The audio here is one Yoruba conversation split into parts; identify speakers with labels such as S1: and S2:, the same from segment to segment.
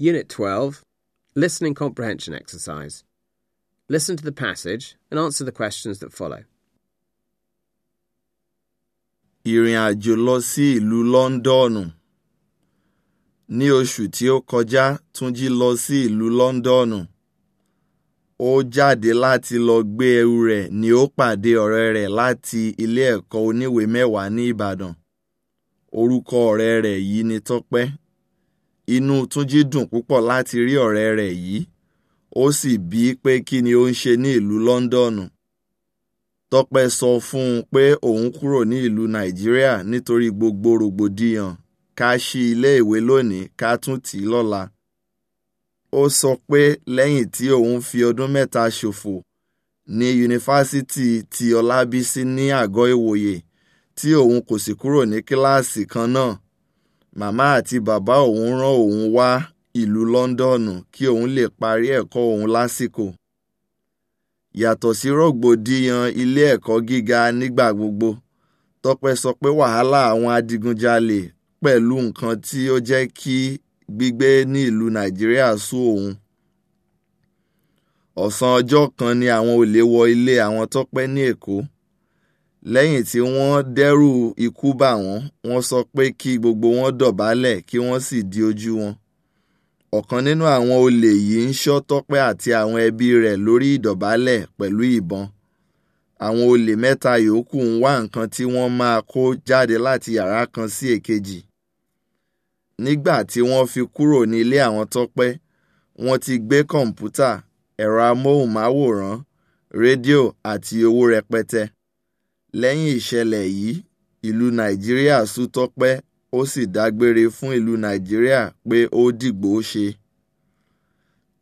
S1: Unit 12 Listening Comprehension Exercise. Listen to the passage and answer the questions that follow.
S2: Ìrìn àjò lọ sí ìlú Lọ́ndọ̀nù. Ní oṣù tí ó kọjá, Túnjí lọ sí ìlú Lọ́ndọ̀nù. Ó jáde láti lọ gbé ẹrù rẹ̀ ni ó pàdé ọ̀rẹ́ rẹ̀ láti ilé ẹ̀kọ́ oníwèé mẹ́wàá ní Ìbàdàn. Orúkọ ọ̀rẹ́ rẹ̀ yìí ni Tọ́pẹ́. inú túnjí dùn púpọ̀ láti rí ọ̀rẹ́ rẹ̀ yìí ó sì bí i pé kí ni ó ń ṣe ní ìlú lọ́ńdọ̀nù tọ́pẹ́ sọ fún un pé òun kúrò ní ìlú nàìjíríà nítorí gbogbo rògbòdìyàn ká ṣí iléèwé lónìí ká tún tì í lọ́la ó sọ pé lẹ́yìn tí òun fi ọdún mẹ́ta ṣòfò ní yunifásitì ti ọlábísí ní àgọ́ ìwòye tí òun kò sì kúrò ní kíláàsì kan náà màmá àti bàbá òun rán òun wá ìlú lọ́ńdọ̀nù kí òun lè parí ẹ̀kọ́ òun lásìkò. yàtọ̀ sí rògbòdìyàn ilé ẹ̀kọ́ gíga nígbà gbogbo tọ́pẹ́ sọ pé wàhálà àwọn adigunjalè pẹ̀lú nǹkan tí ó jẹ́ kí gbígbé ní ìlú nàìjíríà sú òun. ọ̀sán ọjọ́ kan ni àwọn olè wọ ilé àwọn tọ́pẹ́ ní èkó. E lẹ́yìn tí wọ́n dẹ́rù ikú bá wọn wọ́n sọ pé kí gbogbo wọn dọ̀bálẹ̀ kí wọ́n sì di ojú wọn ọ̀kan nínú àwọn olè yìí ń ṣọ́ Tọ́pẹ́ àti àwọn ẹbí rẹ̀ lórí ìdọ̀bálẹ̀ pẹ̀lú ìbọn àwọn olè mẹ́ta yòókù ń wá nǹkan tí wọ́n máa kó jáde láti yàrá kan sí èkejì nígbà tí wọ́n fi kúrò ní ilé àwọn Tọ́pẹ́ wọ́n ti gbé kọ̀ǹpútà ẹ̀rọ amóhùnmáwòrán rédíò àti owó rẹpẹtẹ lẹ́yìn ìṣẹ̀lẹ̀ yìí ìlú nàìjíríà ó sì dágbére fún ìlú nàìjíríà pé ó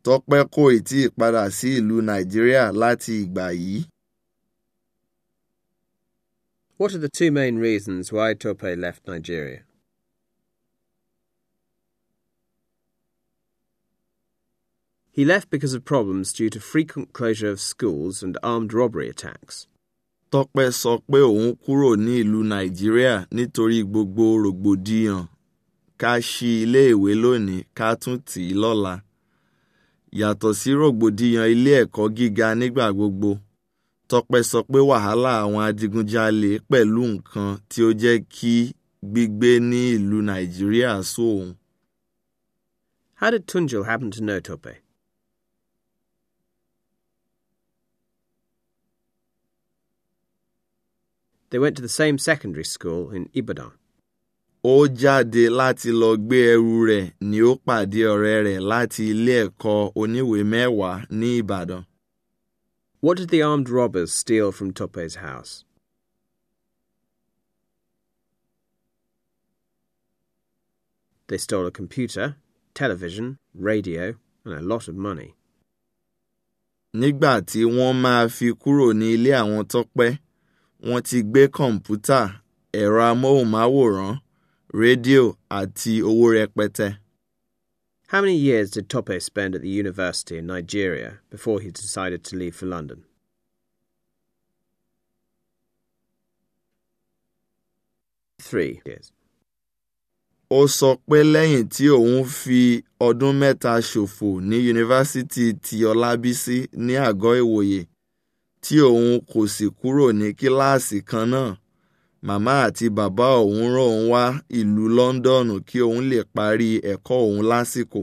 S2: tọ́pẹ́ kò tí ì padà sí ìlú nàìjíríà láti ìgbà
S1: yìí. What are the two main reasons why Tope left Nigeria? He left because of problems due to frequent closure of schools and armed robbery attacks. Tọ́pẹ́ sọ pé òun kúrò ní ìlú Nàìjíríà
S2: nítorí gbogbo rògbòdìyàn ká sí iléèwé lónìí ká tún tì í lọ́la. Yàtọ̀ sí rògbòdìyàn ilé ẹ̀kọ́ gíga nígbà gbogbo, Tọ́pẹ́ sọ pé wàhálà àwọn adigunjalè pẹ̀lú nǹkan tí ó jẹ́ kí
S1: gbígbé ní ìlú Nàìjíríà sú How did Tunjil happen to know Tope? They went to the same secondary school in Ibadan. Ó jáde láti lọ gbé ẹrù rẹ̀ ni ó pàdé ọ̀rẹ́ rẹ̀ láti ilé ẹ̀kọ́ oníwèé mẹ́wàá ní Ìbàdàn. What did the armed robbers steal from Tope's house? They stole a computer, television, radio, and a lot of money. Nígbà tí wọ́n máa fi
S2: kúrò ní ilé àwọn Tọ́pẹ́, wọ́n ti gbé kọ̀ǹpútà ẹ̀rọ amóhùnmáwòrán rédíò àti owó rẹpẹtẹ.
S1: How many years did Tope spend at the university in Nigeria before he decided to leave for London? Three years.
S2: Ó sọ pé lẹ́yìn tí òun fi ọdún mẹ́ta ṣòfò ní yunifásítì ti Ọlábísí ní àgọ́ ìwòye tí òun kò sì kúrò ní kíláàsì kan náà màmá àti bàbá òun rán òun wá ìlú lọ́ńdọ̀nù kí òun lè parí ẹ̀kọ́ òun lásìkò